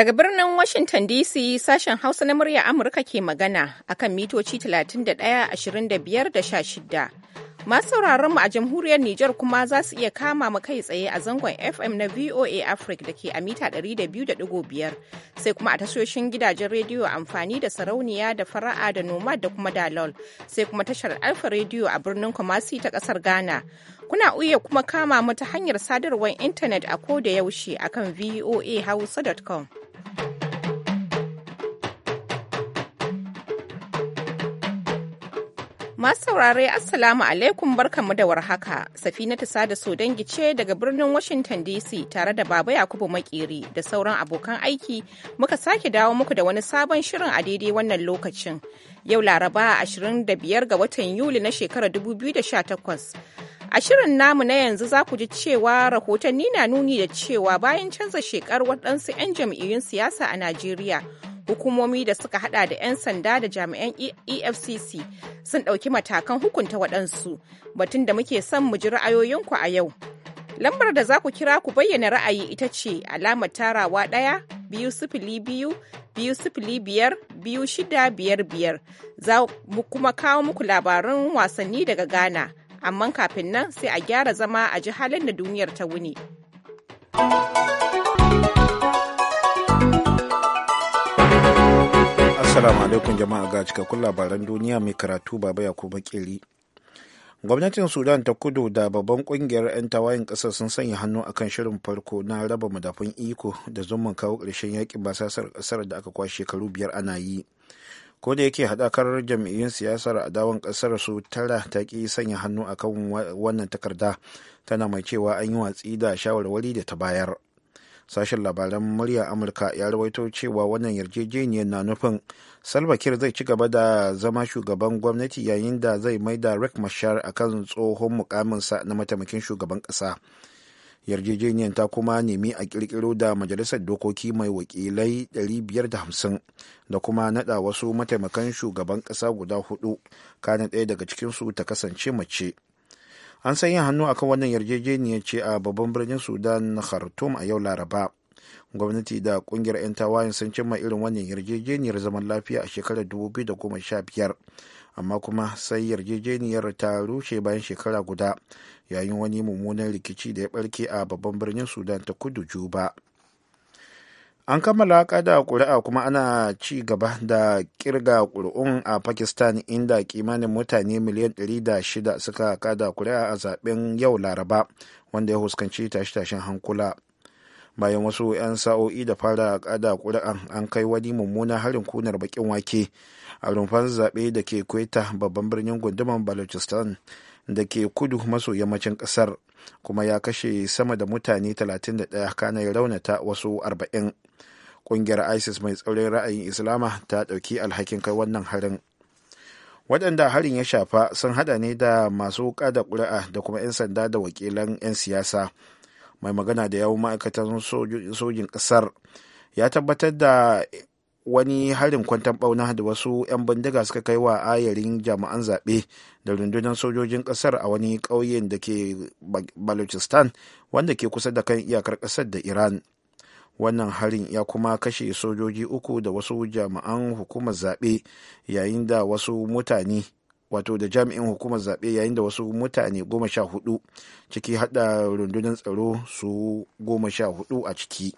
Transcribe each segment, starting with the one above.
Daga birnin Washington DC sashen Hausa na murya Amurka ke magana akan mitoci 31, 25 da 16. Masu sauraron mu a jamhuriyar Nijar kuma za su iya kama mu kai tsaye a zangon FM na VOA Africa da ke a mita 200.5 sai kuma a tashoshin gidajen rediyo amfani da sarauniya da fara'a da nomad da kuma dalol sai kuma tashar Alfa rediyo a birnin Kumasi ta kasar Ghana. Kuna iya kuma kama mu ta hanyar sadarwar intanet a ko da yaushe akan hausa.com. Masu saurare Assalamu alaikum barkamu da warhaka. Safina sada da dangi ce daga birnin Washington DC tare da Baba Yakubu Makeri da sauran abokan aiki muka sake dawo muku da wani sabon shirin a daidai wannan lokacin. Yau Laraba 25 ga watan Yuli na shekarar 2018. A shirin namu na yanzu za ku ji cewa rahotanni na nuni da cewa bayan canza shekar waɗansu 'yan jam'iyyun siyasa a Najeriya, hukumomi da suka hada da 'yan sanda da jami'an EFCC e sun ɗauki matakan hukunta waɗansu batun da muke son mu ji ra'ayoyinku a yau. Lambar da za ku kira ku bayyana ra'ayi ita ce alamar tarawa ɗaya biyu sifili biyu biyu sifili biyar biyu shida biyar biyar za mu kuma kawo muku labaran wasanni daga Ghana. amma kafin nan sai a gyara zama a ji halin da duniyar ta wuni. Assalamu alaikum jama'a ga cikakkun labaran duniya mai karatu baba ya kuma kiri. Gwamnatin Sudan ta kudu da babban kungiyar 'yan tawayin ƙasar sun sanya hannu akan shirin farko na raba madafun iko da zumun kawo ƙarshen yakin basasar ƙasar da aka kwashe shekaru biyar ana yi. ko da yake haɗakar jam'iyyun siyasar adawan ƙasar su tara ta ƙi sanya hannu a kan wannan takarda tana mai cewa an yi watsi da shawarwari da ta bayar sashen labaran murya amurka ya rawaito cewa wannan yarjejeniyar na nufin salva zai ci gaba da zama shugaban gwamnati yayin da zai mai da rick mashar a kan tsohon mukaminsa na mataimakin shugaban ƙasa. yarjejeniyar ta kuma nemi a kirkiro da majalisar dokoki mai wakilai 550 da kuma nada wasu mataimakan shugaban kasa guda hudu kana ɗaya daga cikinsu ta kasance mace an san yin hannu akan wannan yarjejeniyar ce a babban birnin sudan na khartoum a yau laraba gwamnati da kungiyar 'yan tawayen sun cimma irin wannan yarjejeniyar zaman lafiya a shekarar 2015 amma kuma sai yarjejeniyar ta rushe bayan shekara guda yayin wani mummunan rikici da ya barke a babban birnin sudan ta kudu juba an kammala kada kuri'a kuma ana ci gaba da kirga ƙuri'un a pakistan inda kimanin mutane miliyan 600 suka kada kuri'a a zaben yau laraba wanda ya huskanci tashe-tashen hankula bayan wasu 'yan sa'o'i da fara kada kuri'an an kai wani mummunan harin kunar bakin wake a rumfan zaɓe da ke kweta babban birnin gundumar balochistan da ke kudu maso yammacin kasar kuma ya kashe sama da mutane 31 kana raunata wasu 40 kungiyar isis mai tsaurin ra'ayin islama ta dauki alhakin kai wannan harin waɗanda harin ya shafa sun hada ne da masu kada ƙuri'a da kuma 'yan sanda da wakilan 'yan siyasa mai magana da yawon ma'aikatan sojin ƙasar ya tabbatar da wani harin kwantan bauna da wasu 'yan bindiga suka kai wa ayarin jami'an zaɓe da rundunar sojojin kasar a wani ƙauyen da ke balochistan wanda ke kusa da kan iyakar ƙasar da iran wannan harin ya kuma kashe sojoji uku da wasu jami'an hukumar zaɓe yayin da wasu mutane wato da jami'in hukumar zaɓe yayin da wasu mutane goma sha hudu ciki hada rundunar tsaro su goma sha hudu a ciki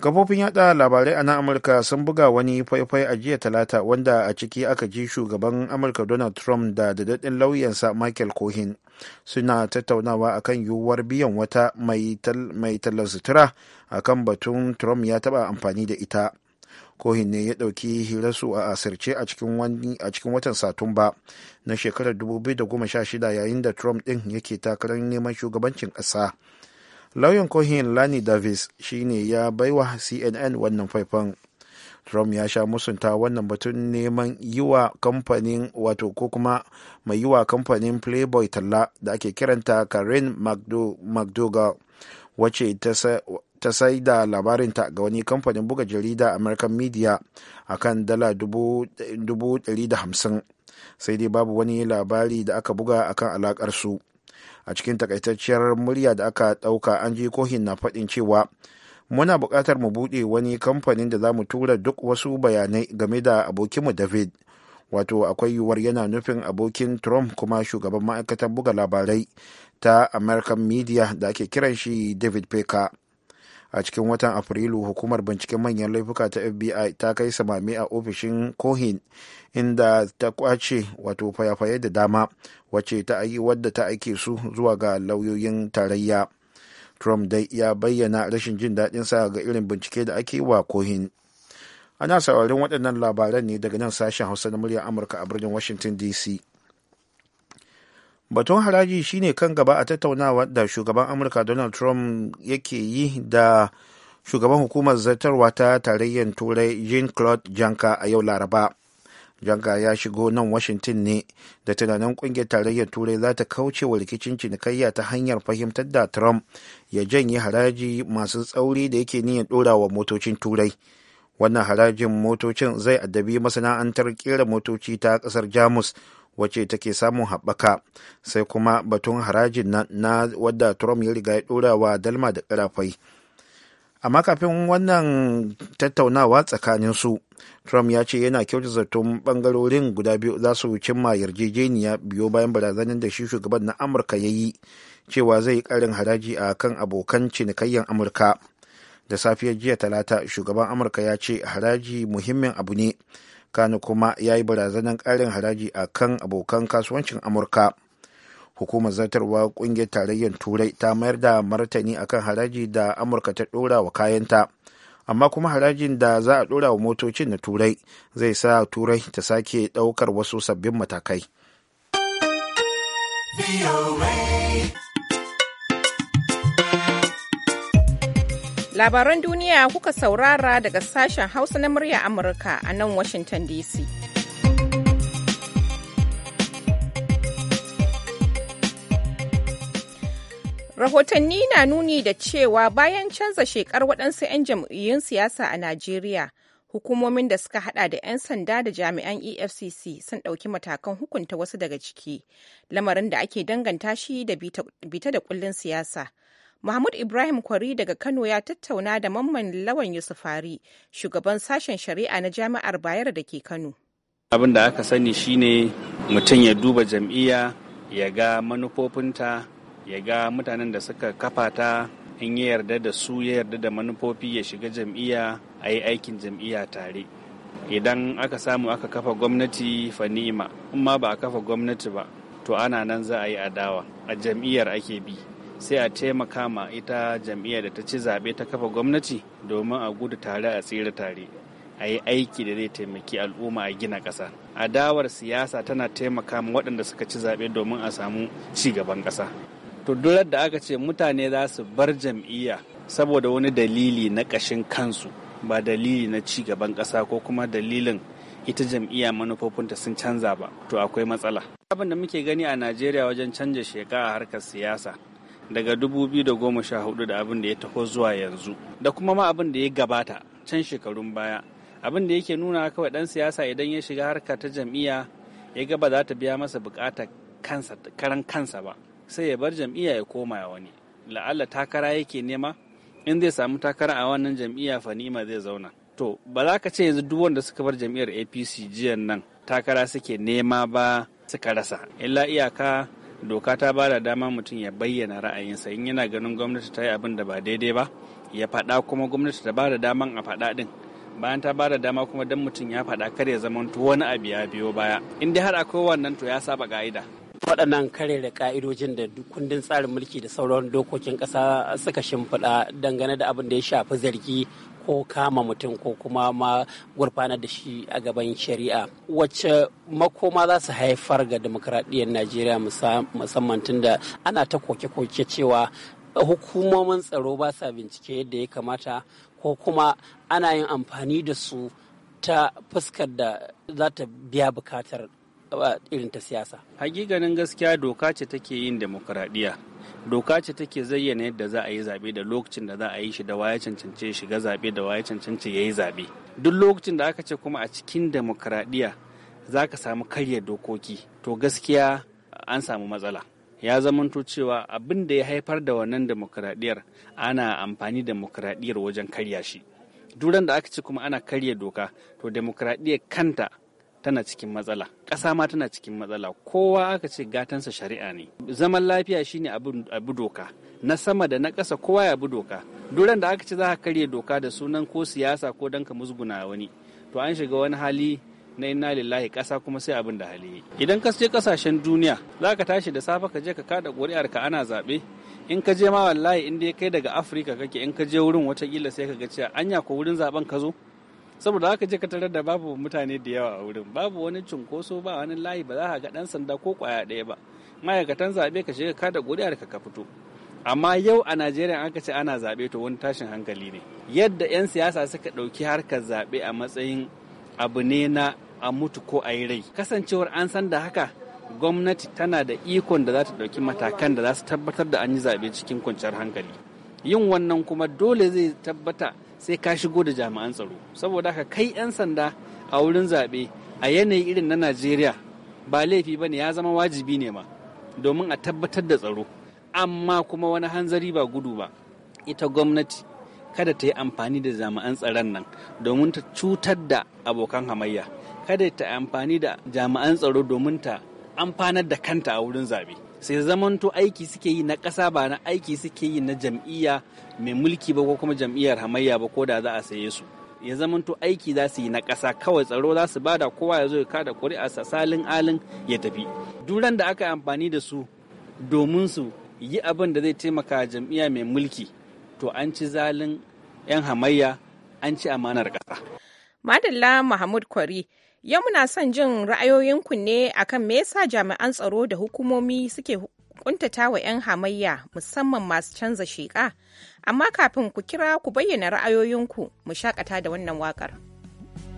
kafofin yada labarai a nan amurka sun buga wani faifai a jiya talata wanda a ciki aka ji shugaban amurka donald trump da dadaddin lauyansa michael cohen suna tattaunawa akan yiwuwar biyan wata mai tallar sutura akan batun trump ya taba amfani da ita cohen ne ya ɗauki hirarsu a asirce a cikin watan satumba na shekarar 2016 yayin da trump ɗin yake takarar neman shugabancin ƙasa. lauyan cohen lani davis shine ya baiwa cnn wannan faifan trump ya sha musunta wannan batun neman yi wa kamfanin wato ko kuma mai yi wa kamfanin playboy talla da ake kiranta karen mcdougall wacce ta sai da labarinta ga wani kamfanin buga jarida american media akan dala $150 sai dai babu wani labari da aka buga akan alakarsu a cikin takaitacciyar murya da aka ɗauka an ji kohin na faɗin cewa muna buƙatar mu buɗe wani kamfanin da za mu tura duk wasu bayanai game da abokinmu david wato akwai yiwuwar yana nufin abokin trump kuma shugaban ma'aikatar buga labarai ta american media da ake kiran shi david peka a cikin watan afrilu hukumar binciken manyan laifuka ta fbi ta kai samami a ofishin cohen inda ta kwace wato fayafaye da dama wacce ta wadda ta aike su zuwa ga lauyoyin tarayya trump dai ya bayyana rashin jin daɗin sa ga irin bincike da ake wa cohen ana sauraron waɗannan labaran ne daga nan sashen hausa na muryar amurka a birnin washington dc batun haraji shine kan gaba a tattaunawa da shugaban amurka donald trump yake yi da shugaban hukumar zartarwa ta tarayyar turai jean claude janka a yau laraba janka ya shigo nan washington ne da tunanin kungiyar tarayyar turai za ta kauce wa rikicin cinikayya ta hanyar fahimtar da trump ya janye haraji masu tsauri da yake niyyar dora wa motocin turai wannan harajin motocin zai addabi masana'antar kera motoci ta kasar jamus wacce take samun haɓaka sai kuma batun harajin na, wadda trump ya riga ya ɗora wa dalma da ƙarafai amma kafin wannan tattaunawa tsakanin su trump ya ce yana kyauta zaton bangarorin guda biyu za su cimma yarjejeniya biyo bayan barazanin da shi shugaban na amurka ya yi cewa zai yi ƙarin haraji a kan abokan cinikayyar amurka da safiyar jiya talata shugaban amurka ya ce haraji muhimmin abu ne kano kuma ya yi barazanar ƙarin haraji a kan abokan kasuwancin amurka hukumar zartarwa ƙungiyar tarayyar turai ta mayar da martani a kan haraji da amurka ta ɗora wa kayanta amma kuma harajin da za a ɗora wa motocin na turai zai sa turai ta sake ɗaukar wasu sabbin matakai. Labaran duniya kuka saurara daga sashen Hausa na murya Amurka a nan Washington DC. Rahotanni na nuni da cewa bayan canza shekar waɗansu 'yan jam'iyyun siyasa a Najeriya, hukumomin da suka hada da 'yan sanda da jami'an efcc sun ɗauki matakan hukunta wasu daga ciki lamarin da ake danganta shi da bita da kullun siyasa Mahmud Ibrahim Kwari daga Kano ya tattauna da mamman Lawan Yusufari, shugaban sashen shari'a na Jami'ar Bayero da ke Kano. Abin da aka sani shine mutum ya duba jam'iyya ya ga manufofinta, ya ga mutanen da suka kafa ta in ya yarda da su ya yarda da manufofi ya shiga jam'iyya a yi aikin jam'iyya tare. Idan aka samu aka kafa gwamnati fanima in ma ba a kafa gwamnati ba, to ana nan za a yi adawa, a jam'iyyar ake bi. sai a taimaka ma ita jam'iyyar da ta ci zaɓe ta kafa gwamnati domin a gudu tare a tsira tare a yi aiki da zai taimaki al'umma a gina ƙasa adawar siyasa tana taimaka ma waɗanda suka ci zaɓe domin a samu ci gaban ƙasa to durar da aka ce mutane za su bar jam'iyya saboda wani dalili na ƙashin kansu ba dalili na ci gaban ƙasa ko kuma dalilin ita jam'iyya manufofinta sun canza ba to akwai matsala abin da muke gani a najeriya wajen canja sheka a harkar siyasa daga 2014 da abin da ya taho zuwa yanzu da kuma ma abin da ya gabata can shekarun baya abin da yake nuna kawai dan siyasa idan ya shiga harka ta jam'iyya ya gaba za ta biya masa bukata kansa karan kansa ba sai ya bar jam'iyya ya koma ya wani la'alla takara yake nema in zai samu takara a wannan jam'iyya fanima zai zauna to ba za ka ce yanzu duk wanda suka bar jam'iyyar apc jiyan nan takara suke nema ba suka rasa illa iyaka doka ta ba da dama mutum ya bayyana ra'ayinsa in yana ganin gwamnati ta yi abin da ba daidai ba ya faɗa kuma gwamnati ta ba da daman a faɗa ɗin bayan ta ba da dama kuma dan mutum ya fada kar ya zamantu wani abu ya biyo baya in dai har akwai wannan to ya saba ka'ida waɗannan kare da ka'idojin da kundin tsarin mulki da sauran dokokin ƙasa suka shimfiɗa dangane da abin da ya shafi zargi ko kama mutum ko kuma ma gurfana da shi a gaban shari'a wacce makoma za su haifar ga demokradiyyar najeriya musamman tunda ana ta koke-koke cewa hukumomin tsaro ba sa bincike yadda ya kamata ko kuma ana yin amfani da su ta fuskar da za ta biya bukatar irin ta siyasa. Hakikanin gaskiya doka ce take yin demokuraɗiyya. Doka ce take zayyana yadda za a yi zaɓe da lokacin da za a yi shi da waye cancance shiga zaɓe da waye cancance ya yi zaɓe. Duk lokacin da aka ce kuma a cikin demokuraɗiyya za ka samu karya dokoki to gaskiya an samu matsala. ya zamanto cewa abin da ya haifar da wannan demokuraɗiyar ana amfani demokuraɗiyar wajen karya shi duran da aka ce kuma ana karya doka to demokuraɗiyar kanta tana cikin matsala ƙasa ma tana cikin matsala kowa aka ce gatansa shari'a ne zaman lafiya shine abu doka na sama da na ƙasa kowa ya bi doka duran da aka ce za ka karya doka da sunan ko siyasa ko don ka musguna wani to an shiga wani hali na inna lillahi ƙasa kuma sai abin da hali idan ka je ƙasashen duniya za ka tashi da safe ka je ka kada ƙuri'ar ka ana zaɓe in ka je ma wallahi in dai kai daga afirka kake in ka je wurin watakila sai ka ga cewa anya ko wurin zaben ka zo saboda haka je ka tarar da babu mutane da yawa a wurin babu wani cunkoso ba wani layi ba za ka ga dan sanda ko kwaya ɗaya ba ma'aikatan zaɓe ka shiga kada ƙuri'ar ka ka fito amma yau a najeriya aka ce ana zaɓe to wani tashin hankali ne yadda 'yan siyasa suka ɗauki harkar zaɓe a matsayin abu ne na a mutu ko a yi rai kasancewar an san da haka gwamnati tana da ikon da za ta ɗauki matakan da za su tabbatar da an yi zaɓe cikin kwanciyar hankali yin wannan kuma dole zai tabbata sai ka shigo da jami'an tsaro saboda ka kai 'yan sanda a wurin zaɓe a yanayi irin na najeriya ba laifi ba ne ya zama wajibi ne ma domin a tabbatar da tsaro amma kuma wani hanzari ba gudu ba ita gwamnati kada ta yi amfani da jami'an tsaron nan domin ta cutar da abokan hamayya kada ta amfani da jami'an tsaro domin ta amfanar da kanta a wurin zaɓe sai zamanto aiki suke yi na ƙasa ba na aiki suke yi na jam'iyya mai mulki ba ko kuma jam'iyyar hamayya ba ko da za a saye su ya zamanto aiki za su yi na ƙasa kawai tsaro za su bada kowa ya zo ya kada ƙuri'a sa salin alin ya tafi duran da aka yi amfani da su domin su yi abin da zai taimaka jam'iyya mai mulki to an ci zalin 'yan hamayya an ci amanar ƙasa madalla mahmud kwari Yau muna son jin ra'ayoyinku ne akan me yasa jami'an tsaro da hukumomi suke kuntata wa 'yan hamayya musamman masu canza sheƙa. Amma kafin ku kira ku bayyana ra'ayoyinku mu shakata da wannan waƙar.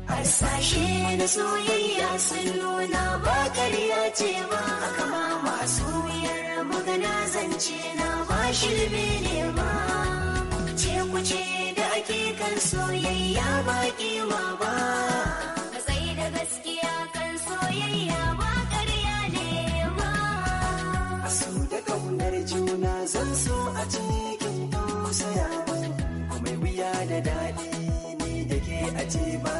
Harsashe na soyayya sun nuna ba karya ce ba, aka masu wuyar magana zance na ba shirme ne ba. Ce kuce da ake kan soyayya ba kima ba. gaskiya kan soyayya ba karya ne ma. A da ƙaunar juna zan so a cikin tusaya ban, kuma wuya da daɗi ne da ke ajiye ba.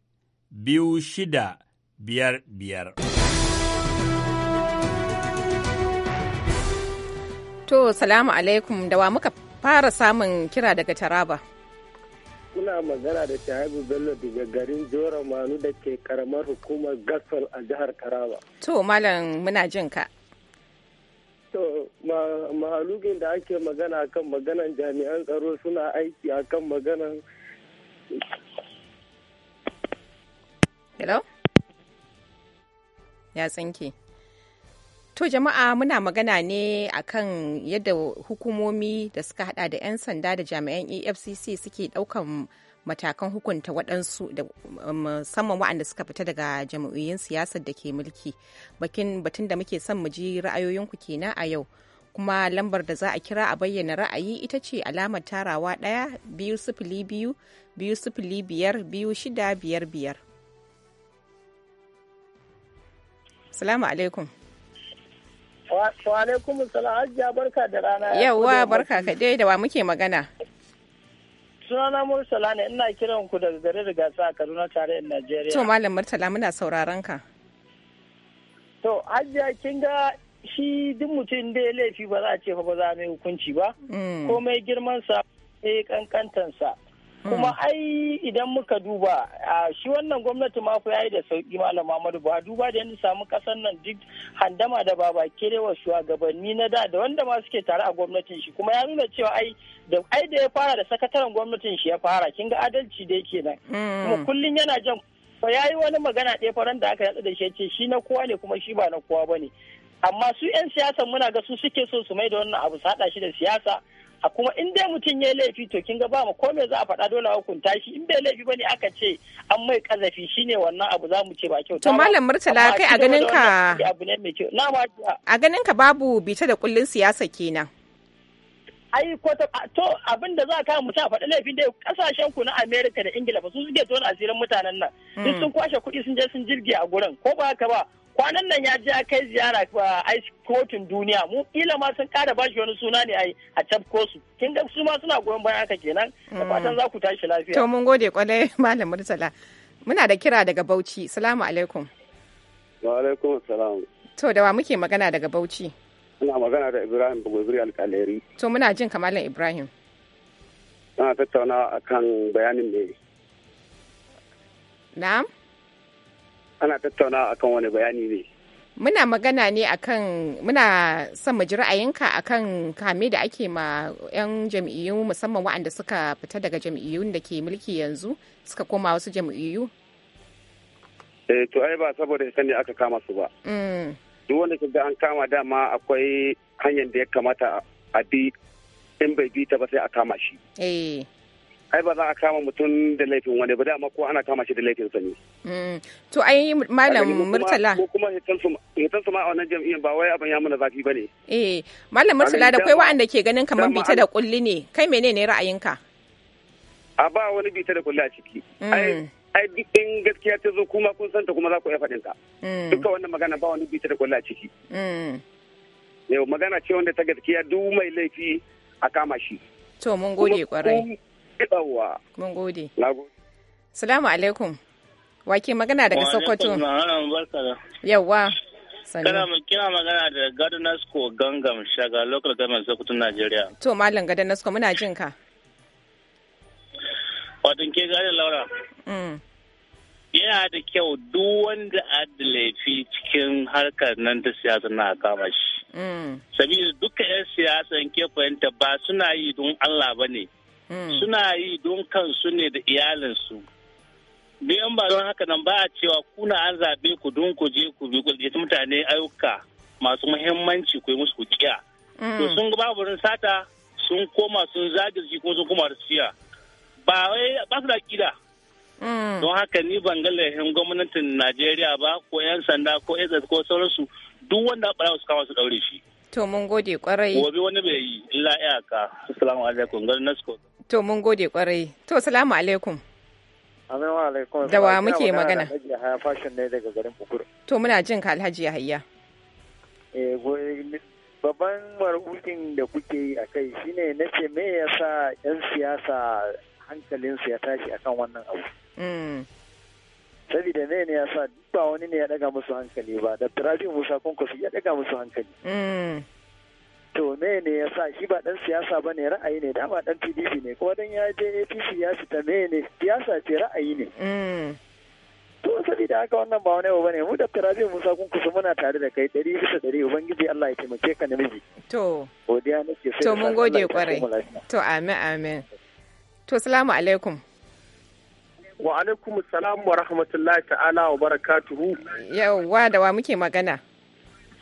biyu shida biyar biyar. To, salamu alaikum da wa muka fara samun kira daga Taraba. Kuna magana da Shahabu Bello daga garin Jora Manu da ke karamar hukumar Gasol a jihar Taraba. To, Malam muna jin ka. To, mahalugin da ake magana kan maganan jami'an tsaro suna aiki akan maganan hello ya tsinke to jama'a muna magana ne akan yadda hukumomi da suka hada da 'yan sanda da jami'an afcc suke daukan matakan hukunta waɗansu da musamman waɗanda suka fita daga jam'iyyun siyasar da ke mulki bakin batun da muke son mu ji ra'ayoyinku kenan a yau kuma lambar da za a kira a bayyana ra'ayi ita ce alamar tarawa ɗaya biyu sifili biyu biyu sifili biyar biyu shida biyar biyar Salamu alaikum. Wa alaikum salam hajjiya barka da rana. Yawwa barka ka dai da wa muke magana. Sunana Murtala ne ina kiran ku daga garin gasa a Kaduna tarayyar Najeriya. To Malam Murtala muna sauraron ka. To hajjiya kin ga shi duk mutum da ya laifi ba za a ce fa ba za a mai hukunci ba. Mm. Komai girman sa sai kankantansa. kuma hmm. ai idan muka duba shi wannan gwamnati ma ya yi da sauki malam Muhammadu ba duba da yadda samu kasar nan duk handama da baba kerewa shugabanni na da da wanda ma suke tare a gwamnatin shi kuma ya nuna cewa ai da ai da ya fara da sakataren gwamnatin shi ya fara kin ga adalci da yake nan hmm. kuma kullun yana jan ba ya yi wani magana ɗaya faran da aka yatsa da shi ce shi na kowa ne kuma shi ba na kowa ba ne amma su 'yan siyasa muna ga su suke so su mai da wannan abu su haɗa shi da siyasa a kuma in dai mutum ya laifi to kin ga ba mu ko za a faɗa dole hukunta shi in bai laifi bane aka ce an mai kazafi shine wannan abu za mu ce ba kyau to malam murtala kai a ganin ka a ganin ka babu bita da kullun siyasa kenan ai ko ta to abin da za ka mu ta faɗi laifin da kasashen ku na America da Ingila ba su suke tona asirin mutanen nan duk mm. sun kwashe kuɗi sun je sun jirge a gurin ko ba haka ba kwanan nan ya je kai ziyara uh, a kotun duniya mu kila ma sun kada bashi wani suna ne a cafko su kin ga su ma suna goyon bayan haka kenan da fatan za ku tashi lafiya to mun gode kwalai malam murtala muna da kira daga bauchi salamu alaikum wa alaikum salam. to da wa muke magana daga bauchi ina magana da ibrahim bugurguri alkaleri to muna jin kamalan ibrahim ana tattauna akan bayanin ne na'am ana tattaunawa akan wani bayani ne muna magana ne akan muna son mu ji ra'ayinka akan kame da ake ma 'yan jam'iyyu musamman waɗanda suka fita daga jam'iyyun da ke mulki yanzu suka koma wasu jam'iyyu eh to ai ba saboda ita ne aka kama su ba mm. duk wanda kaga an kama dama akwai hanyar da ya kamata a bi in bai bi ta ba sai a kama shi eh ai ba za a kama mutum da laifin wani ba dama ko ana kama shi da laifin sani. Mm. to ai malam murtala ko kuma hitan su ma a wannan jam'iyyar ba wai abin ya mana zafi ba ne. eh malam murtala da kai wa'anda ke ganin kamar bita da kulli ne kai menene ra'ayinka. a ba wani bita da kulli a ciki. Mm. ai duk in gaskiya ta zo kuma kun santa kuma za ku iya faɗin ta. Mm. duka wannan magana ba wani bita da kulli a ciki. yau magana ce wanda ta gaskiya duk mai laifi a kama shi. to mun gode kwarai. Yawwa. Mun gode. Salamu alaikum. Wake magana daga Sokoto. Yawwa. Kana kira magana da Gadonasko Gangam Shaga Local Government Sokoto Nigeria. To Malam Gadonasko muna jin ka. Wato ke gane Laura. Mm. Yana da kyau duk wanda a fi cikin harkar nan ta siyasa na kama shi. Mm. Sabida duka 'yan siyasa ke fahimta ba suna yi don Allah ba ne. Mm. suna yi don kansu ne da iyalinsu biyan ba don haka nan ba a cewa kuna an zaɓe ku don ku je ku bi ku mutane ayyuka masu muhimmanci ku yi musu ku kiya mm. to sun ga babu sata sun koma sun zagirci kuma sun koma siya ba wai ba su da kida mm. don haka ni ban ga lahin gwamnatin Najeriya ba ko 'yan sanda ko ƴan ko sauransu duk wanda ɓarawa su kama su ɗaure shi. To mun gode kwarai. Gobe wani bai yi illa iyaka. Assalamu alaikum. Gwamnati To mun gode kwarai. To salamu alaikum. Assalamu alaikum. Da wa muke magana? daga garin To muna jin ka Alhaji Yahaya. Eh babban marubutin da kuke yi a kai shine na ce me yasa yan siyasa hankalinsu ya tashi akan wannan abu. Mm. Sabida ne ne sa ba wani ne ya daga musu hankali ba da Rabi Musa Kwankwaso ya daga musu hankali. Mm. to me ne ya sa shi ba dan siyasa ba ne ra'ayi ne dama dan pdp ne kuma dan ya je apc ya fita me ne siyasa ce ra'ayi ne mm. to sabida haka wannan ba wani abu ne mu da Rabi Musa kun kusa muna tare da kai ɗari bisa ɗari ubangiji Allah ya taimake ka namiji to godiya nake sai to mun gode kwarai to amin amin to salamu alaikum wa alaikum salam wa rahmatullahi ta'ala wa barakatuhu yawa da wa muke magana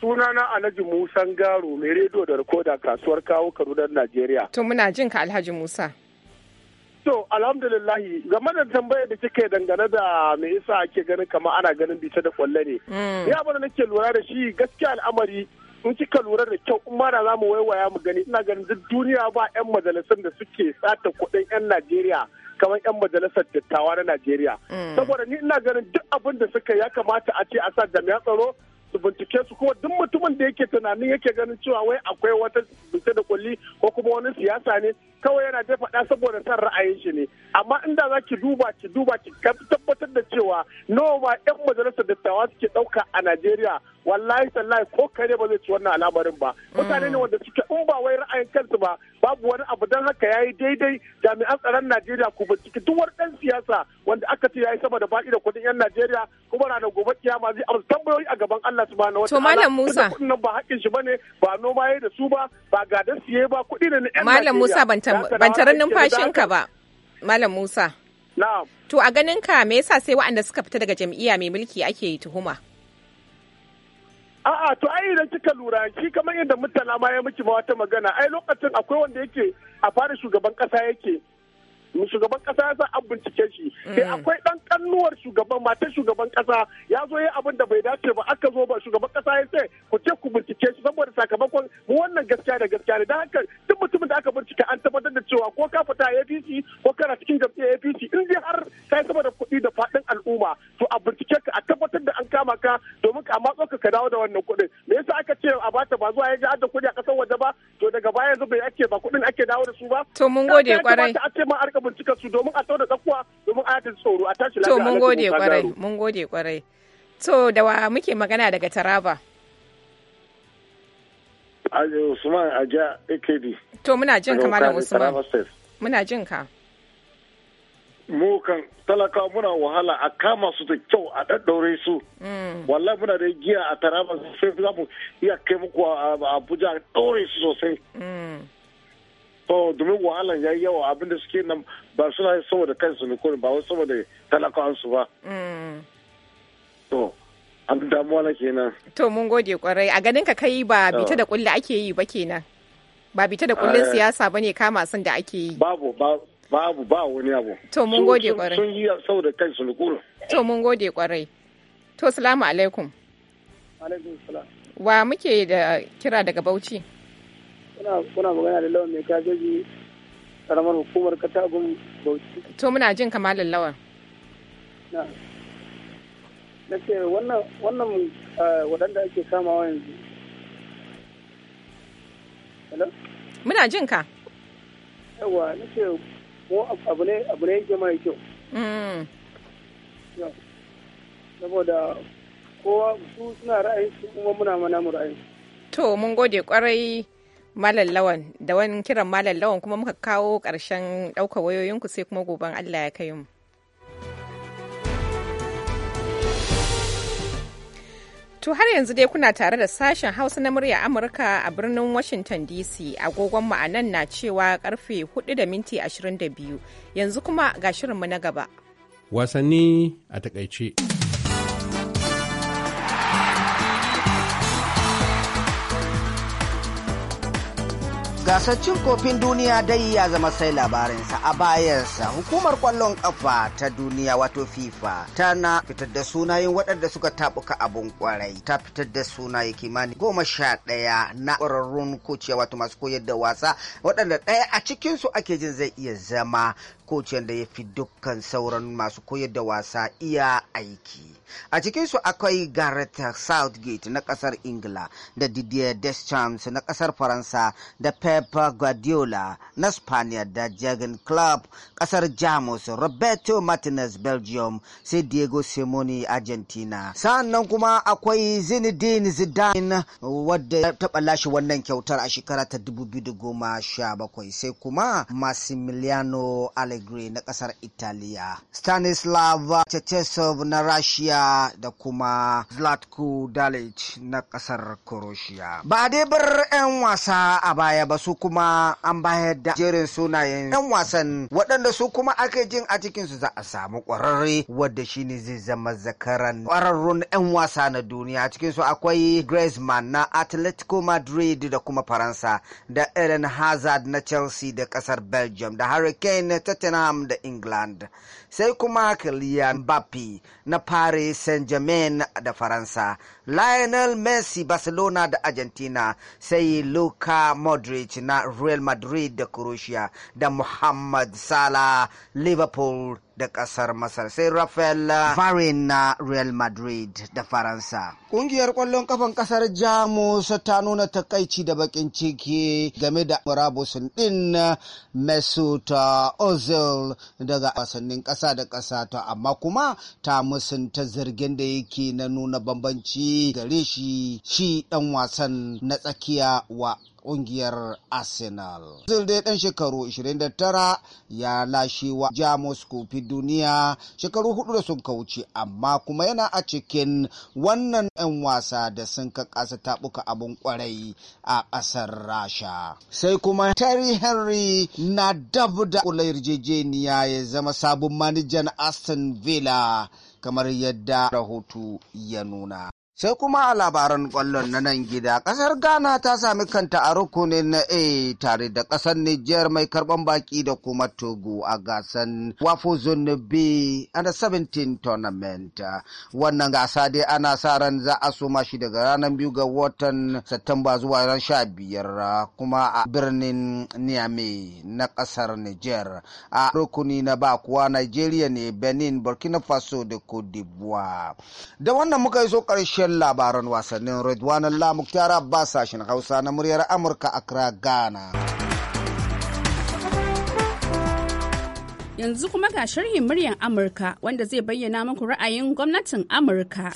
sunana Alhaji Musa Garo mai rediyo da rikoda kasuwar kawo Kaduna Najeriya. To muna jin ka Alhaji Musa. To alhamdulillahi game da tambayar da kika dangane da me yasa ake ganin kamar ana ganin bita da kwalle ne. Mm. Ni abin da nake lura da shi gaskiya al'amari in kika lura da kyau in ma da za mu waiwaya mu gani ina ganin duk duniya ba 'yan majalisar da suke sata kuɗin 'yan Najeriya kamar 'yan majalisar dattawa na Najeriya. Mm. Saboda ni ina ganin duk abin da suka ya kamata a ce a sa jami'an tsaro su bincike su kuma duk mutumin da yake tunanin yake ganin cewa wai akwai wata bisa da kulli ko kuma wani siyasa ne kawai yana dai faɗa saboda son ra'ayin shi ne amma inda za ki duba ki duba ki tabbatar da cewa nawa ma yan majalisar dattawa suke ɗauka a Najeriya wallahi sallahi ko kare ba zai ci wannan al'amarin ba mm. mutane ne wanda suke in ba wai babu wani abu don haka ya yi daidai jami'an tsaron najeriya ku binciki duk wani ɗan siyasa wanda aka ce ya yi sama da faɗi da kuɗin 'yan najeriya kuma ranar gobe kiyama zai amsa tambayoyi a gaban allah su bana wata malam musa kuɗin ba hakin shi bane ba noma ya da su ba ba gadan siye ba kudi ne na 'yan malam musa ban tarar numfashinka ba malam musa na'am to a ganin ka me yasa sai waɗanda suka fita daga jam'iyya mai mulki ake tuhuma A'a to ai idan kika lura shi kamar yadda mutana ma ya miki wata magana ai lokacin akwai wanda yake a fara shugaban kasa yake shugaban kasa ya sa an bincike shi mm. sai akwai dan kannuwar shugaban mata shugaban kasa ya zo yi abin da bai dace ba aka zo ba shugaban kasa ya ce ku ce ku bincike shi saboda sakamakon mu wannan gaskiya da gaskiya ne dan haka duk mutumin da aka bincika an tabbatar da cewa ko ka fita APC ko kana cikin jam'iyyar APC in dai har kai saboda kuɗi da faɗin al'umma a bincike ka a tabbatar da an kama ka domin ka amma ka dawo da wannan kuɗin me yasa aka ce a bata ba zuwa ya ji da kuɗi a ƙasar waje ba to daga baya yanzu bai ake ba kuɗin ake dawo da su ba to mun gode kwarai a ce ma a rika bincika su domin a da tsakuwa domin a yata tsoro a tashi lafiya to mun gode kwarai mun gode kwarai to da wa muke magana daga Taraba Usman Aja AKD. To muna jin ka Malam Usman. Muna jin ka. mu kan talaka muna wahala a kama su da kyau a daddaure su mm. wallahi muna da giya a taraba sai za mu iya kai muku a abuja a daure su sosai mm. to domin wahalan ya yi yawa abinda suke nan ba suna yi saboda kansu ne ba wai saboda talakawansu ba mm. to an damuwa na kenan to mun gode kwarai a ganin ka kai ba bita da kulle ake yi ba kenan ba bita da kullun eh. siyasa bane kama sun da ake yi babu babu babu ba wani abu to mun gode kwarai sun yi saboda kai su lukuru. to mun gode kwarai to salamu alaikum alaikum salam wa muke da kira daga bauchi kuna kuna magana da lawan mai kajeji karamar hukumar katagun bauchi to muna jin kamar lawan na na ce wannan wannan eh, waɗanda ake kamawa yanzu muna jin ka yawa na ce ko abu ne yake mai kyau mm. saboda kowa su suna ra'ayi su kuma muna mana mu ra'ayi to mun gode kwarai Malam Lawan da wani kiran Malam Lawan kuma muka kawo ƙarshen ɗaukar wayoyinku sai kuma goben Allah ya kai mu. To har yanzu dai kuna tare da sashen Hausa na murya Amurka a birnin Washington DC agogon mu nan na cewa karfe 4 da minti 22 yanzu kuma ga shirinmu na gaba. Wasanni a takaice. gasar cin kofin duniya dai ya zama sai labarinsa a bayansa hukumar kwallon kafa ta duniya wato fifa tana fitar da sunayen waɗanda suka tabuka abun kwarai ta fitar da sunaye kimanin goma sha ɗaya na ƙwararrun kociya wato masu koyar da wasa waɗanda ɗaya a cikinsu ake jin zai iya zama kociyar da ya fi dukkan sauran masu koyar da wasa iya aiki a cikin su akwai gareth southgate na kasar ingila da didier deschamps na kasar faransa da pep guardiola na spaniya da jagen club kasar jamus roberto martinez belgium sai diego simoni argentina sannan kuma akwai zinedine zidane wadda ya taɓa lashe wannan kyautar a shekara ta 2017 sai kuma massimiliano allegri na kasar italiya stanislav chechesov na russia da kuma Zlatko Dalic na kasar Croatia. Ba a dai bar 'yan wasa a baya ba su kuma an bayar da jerin sunayen 'yan wasan waɗanda su kuma aka jin a cikinsu za a samu ƙwararre wadda ne zai zama zakaran ƙwararrun 'yan wasa na duniya cikinsu akwai Griezmann na Atletico Madrid da kuma Faransa da Eden Hazard na Chelsea da kasar Belgium da Hurricane Tottenham da England sai kuma Kylian Mbappe na Paris paris saint-germain da faransa lionel messi barcelona da argentina sai luka modric na real madrid da croatia da muhammad salah liverpool da kasar Masar sai Rafael Varin na Real Madrid da Faransa. Ƙungiyar ƙwallon kafan ƙasar Jamus ta nuna takaici da bakin ciki game da murabus ɗin Mesut Ozil daga wasannin ƙasa da ƙasa ta amma kuma ta musunta zargin da yake na nuna bambanci gare shi shi ɗan wasan na tsakiya wa kungiyar arsenal zil dai dan shekaru 29 ya lashe wa jamus kofi duniya shekaru hudu da sun kauce amma kuma yana a cikin wannan 'yan wasa da sun ka kasa tabuka abin kwarai a ƙasar rasha sai kuma terry henry na dab da kula yarjejeniya ya zama sabon manajan aston villa kamar yadda rahoto ya nuna Sai kuma a labaran kwallon na nan gida, ƙasar Ghana ta sami kanta a rukunin na A tare da ƙasar Nijar mai karban baki da kuma Togo a gasan Wafo Zone B under 17 tournament. Wannan gasa dai ana sa ran za a soma shi daga ranar biyu ga watan Satumba zuwa ran sha biyar kuma a birnin Niamey na ƙasar Nijar. A rukuni na ba kuwa Nigeria ne Benin, Burkina Faso da Cote Da wannan muka so ƙarshen sauraron labaran wasannin Ridwan Allah Muktar Abbas sashen Hausa na muryar Amurka Accra Ghana. Yanzu kuma ga sharhin muryar Amurka wanda zai bayyana muku ra'ayin gwamnatin Amurka.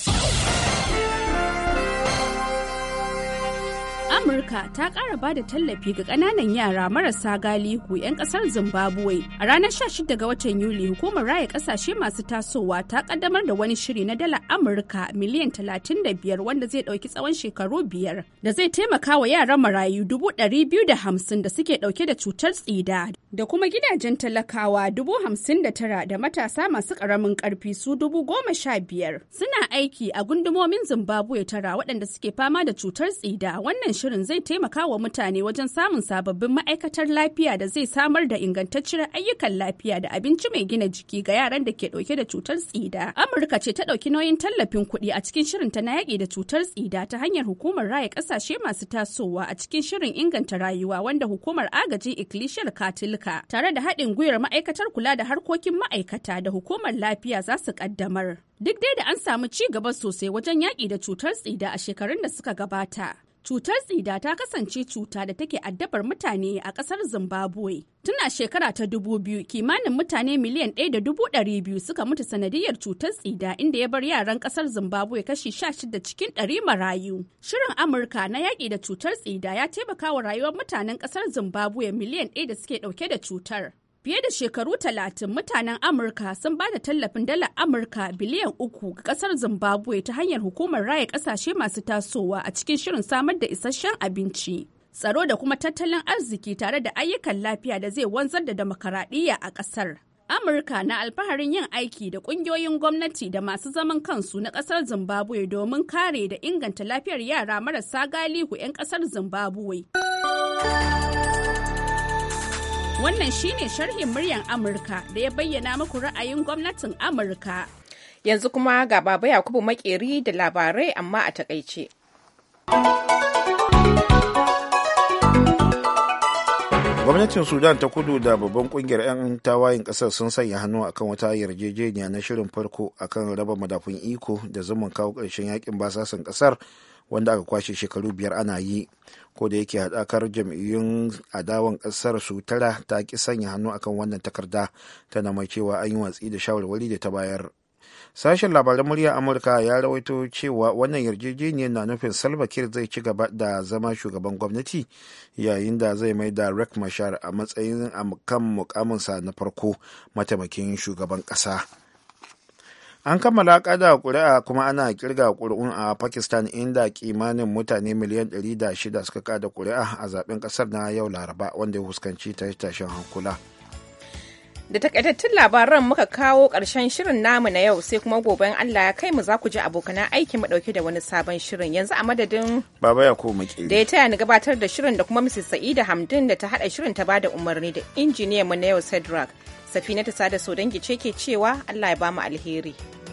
Amurka ta ƙara bada tallafi ga ƙananan yara marasa galihu 'yan ƙasar Zimbabwe. A ranar 16 ga watan Yuli, hukumar raya ƙasashe masu tasowa ta ƙaddamar da wani shiri na dala Amurka miliyan 35 wanda zai ɗauki tsawon shekaru biyar da zai taimaka wa yaran marayu dubu biyu da hamsin da suke ɗauke da cutar tsida da kuma gidajen talakawa dubu hamsin da tara da matasa masu ƙaramin ƙarfi su dubu goma sha biyar suna aiki a gundumomin Zimbabwe tara waɗanda suke fama da cutar tsida wannan shirin zai taimaka wa mutane wajen samun sababbin ma'aikatar lafiya da zai samar da ingantacciyar ayyukan lafiya da abinci mai gina jiki ga yaran da ke dauke da cutar tsida. Amurka ce ta dauki nauyin tallafin kuɗi a cikin shirin ta na yaƙi da cutar tsida ta hanyar hukumar raya ƙasashe masu tasowa a cikin shirin inganta rayuwa wanda hukumar agaji Iklishiyar Katilka tare da haɗin gwiwar ma'aikatar kula da harkokin ma'aikata da hukumar lafiya za su ƙaddamar. Duk dai da an samu ci gaba sosai wajen yaƙi da cutar tsida a shekarun da suka gabata. Cutar tsida ta kasance cuta da take addabar mutane a ƙasar Zimbabwe. Tuna shekara ta dubu biyu kimanin mutane miliyan ɗaya da dubu ɗari biyu suka mutu sanadiyar cutar tsida inda ya bar yaran ƙasar Zimbabwe kashi sha shida cikin ɗari marayu. Shirin Amurka na yaƙi da cutar tsida ya taimaka wa rayuwar mutanen ƙasar Zimbabwe miliyan ɗaya da suke ɗauke da cutar. Fiye da shekaru talatin mutanen Amurka sun ba da tallafin dalar Amurka biliyan uku ga kasar Zimbabwe ta hanyar hukumar raya kasashe masu tasowa a cikin shirin samar da isasshen abinci. Tsaro da kuma tattalin arziki tare da ayyukan lafiya da zai wanzar da demokaradiyya a kasar. Amurka na alfaharin yin aiki da kungiyoyin gwamnati da masu zaman kansu na kasar Zimbabwe domin kare da inganta lafiyar yara marasa galihu 'yan kasar Zimbabwe. Wannan shine sharhin muryan Amurka da ya bayyana muku ra'ayin gwamnatin Amurka. Yanzu kuma ga Baba Yakubu Makeri da labarai amma a takaice. gwamnatin sudan ta kudu da babban kungiyar 'yan tawayin kasar sun sanya hannu akan wata yarjejeniya na shirin farko akan raba madafun iko da zaman kawo ƙarshen yakin basasan kasar wanda aka kwashe shekaru biyar ana yi ko da yake haɗakar jam'iyyun adawan ƙasar su tara ta ki sanya hannu akan wannan takarda tana mai cewa an yi watsi da shawarwari da ta bayar sashen labaran murya amurka ya rawaito cewa wannan yarjejeniyar na nufin salva kiir zai ci gaba da zama shugaban gwamnati yayin da zai mai da rek mashar a matsayin kan mukaminsa na farko mataimakin shugaban ƙasa. An kammala kada ƙuri'a kuma ana kirga ƙuri'un a Pakistan inda kimanin mutane miliyan shida suka kada ƙuri'a a zaben ƙasar na yau Laraba wanda ya fuskanci tashin hankula. Da takaitattun labaran muka kawo ƙarshen shirin namu na yau sai kuma goben Allah ya kai mu za ku ji abokanan aiki mu ɗauke da wani sabon shirin yanzu a madadin Baba ya koma muke. Da ya taya ni gabatar da shirin da kuma Mrs. Sa'ida Hamdin da ta haɗa shirin ta bada umarni da injiniyan mu na yau Cedric. ta Sada Sodangi ce ke cewa Allah ya bamu alheri.